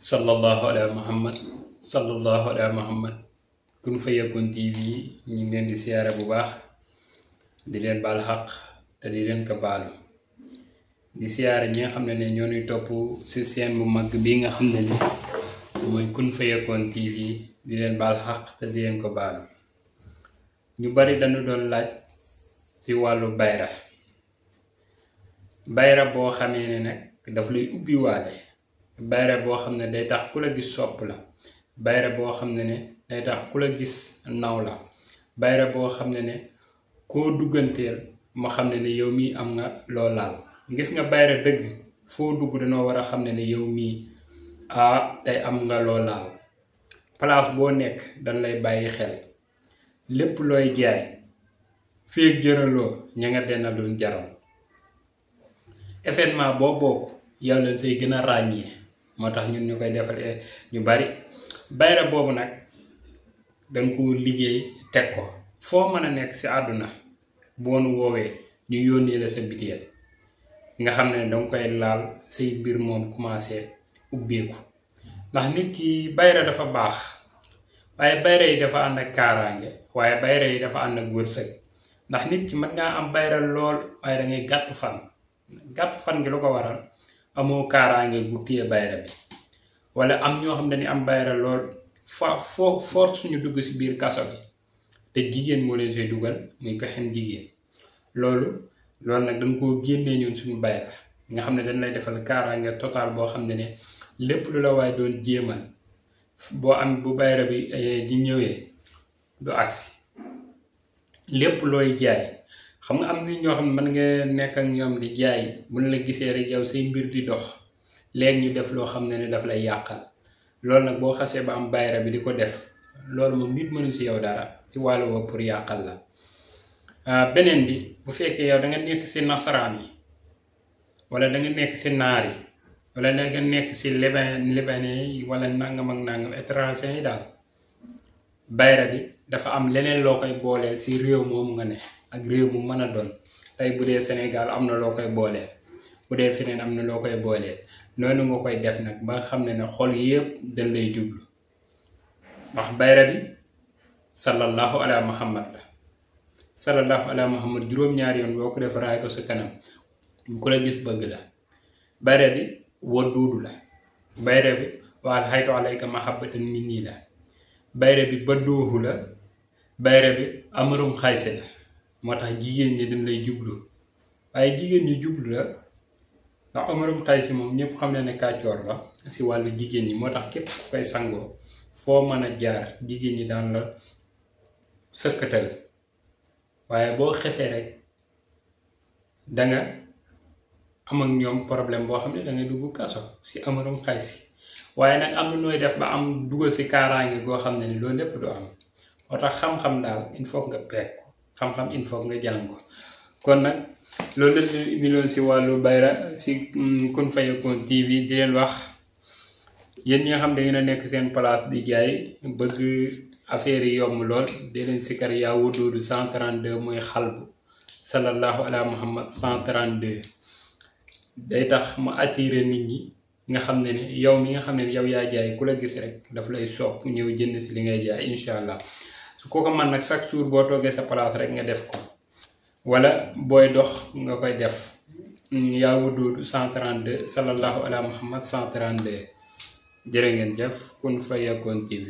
sallallahu ala muhammad sallallahu ala muhammad kun fayakun tv ñu ngi leen di siyaare bu baax di leen baal xaq te di leen ko baalu di siyaare ñi xam ne ñoo ñuy topp ci seen bu mag bi nga xam ne ni mooy kun fayakun tv di leen baal xaq te di leen ko baalu ñu bari dañu doon laaj ci wàllu bayra bayra boo xamee ne nag daf lay ubbi waale bayre boo xam ne day tax ku la gis sopp la bayre boo xam ne ne day tax ku la gis naw la bayre boo xam ne ne koo dugganteel ma xam ne ne yow mii am nga loo laal gis nga bayre dëgg foo dugg danoo war a xam ne ne yow mii ah day am nga loo laal place boo nekk dañ lay bàyyi xel lépp looy jaay féeg jëraloo ña nga denn luñ jaral événement boo bokk yow leen say gën a ràññee moo tax ñun ñu koy defal ñu bari bayre boobu nag dañ ko liggéey teg ko foo mën a nekk si àdduna boon woowee ñu yónnee la sa bitiyel nga xam ne danga koy laal say mbir moom commencé ubbeeku ndax nit ki bayre dafa baax waaye bayra yi dafa ànd ak kaaraange waaye bayre yi dafa ànd ak wërsëg ndax nit ki mën ngaa am bayra lool waaye da ngay gàttu fan gàttu fan gi lu ko waral amoo kaaraange gu téye bayra bi wala am ñoo xam ne ni am bayra lool fa foo force suñu dugg ci biir kaso bi te jigéen moo leen fay dugal ko pexem jigéen loolu loolu nag dañ koo génnee ñun suñu bayra nga xam ne dañ lay defal kaaraange total boo xam ne ne lépp lu la waaye doon jéemal boo am bu bayra bi eh, di ñëwee du agsi lépp looy jaay xam nga am ni ñoo xam ne mën nga nekk ak ñoom di jaay buñ la gisee rek yow say mbir di dox léegi ñu def loo xam ne ni daf lay yàqal loolu nag boo xasee ba am bayra bi di ko def loolu moom nit mënu si yow dara ci wàllu woowu pour yàqal la ah, beneen bi bu fekkee yow da nga nekk si nasaraan yi wala danga nekk si naar yi wala da nga nekk si liban libanais yi walla nangam ak nangam étranger yi daal bayra bi dafa am leneen loo koy booleel si réew moomu nga ne. ak réew mu mën a doon tey bu dee Sénégal am na loo koy boole bu dee feneen am na loo koy boole noonu nga koy def nag ba xam ne ne xol yëpp dañ lay jublu wax bayra bi sallallahu ala muhammad la sallallahu ala muhammad juróom-ñaari yoon boo ko def ko sa kanam ku la gis bëgg la bayra bi wa duudu la bayra bi waal xaytu alayka mahabbatan minni la bayra bi ba duuxu la bayra bi amarum xaysi la moo tax jigéen ñi dañ lay jublu waaye jigéen ñi jublu la ndax Omar bu Xays moom ñépp xam na ne kàccoor ba si wàllu jigéen ñi moo tax képp koy sangoo foo mën a jaar jigéen ñi daan la sëkkatal waaye boo xefee rek danga am ak ñoom problème boo xam ne danga dugg kaso si Omar bu Xays waaye nag am na nooy def ba am dugal si kaaraange goo xam ne ni loolu lépp du am moo tax xam-xam daal il faut nga peek xam-xam il faut nga jàng ko kon nag loolu la ñu indiloon si wàllu bayra si mm, Kun Fayakoun TV di leen wax yéen ñi nga xam ne dangeen a nekk seen place di jaay bëgg affaire yi yomb lool di leen sikar yaa wuduudu 132 mooy xalbu sallallahu day tax mu attiré nit ñi nga xam ne ni yow mi nga xam ne yow yaa jaay ku la gis rek daf lay sopp ñëw jënd si li ngay jaay incha allah. su ko ko man nag chaque jour boo toogee sa place rek nga def ko wala booy dox nga koy def yaa wuduudu 132 sallallahu ala muhammad 132 jërë ngeen jëf Kun Fayakoun TV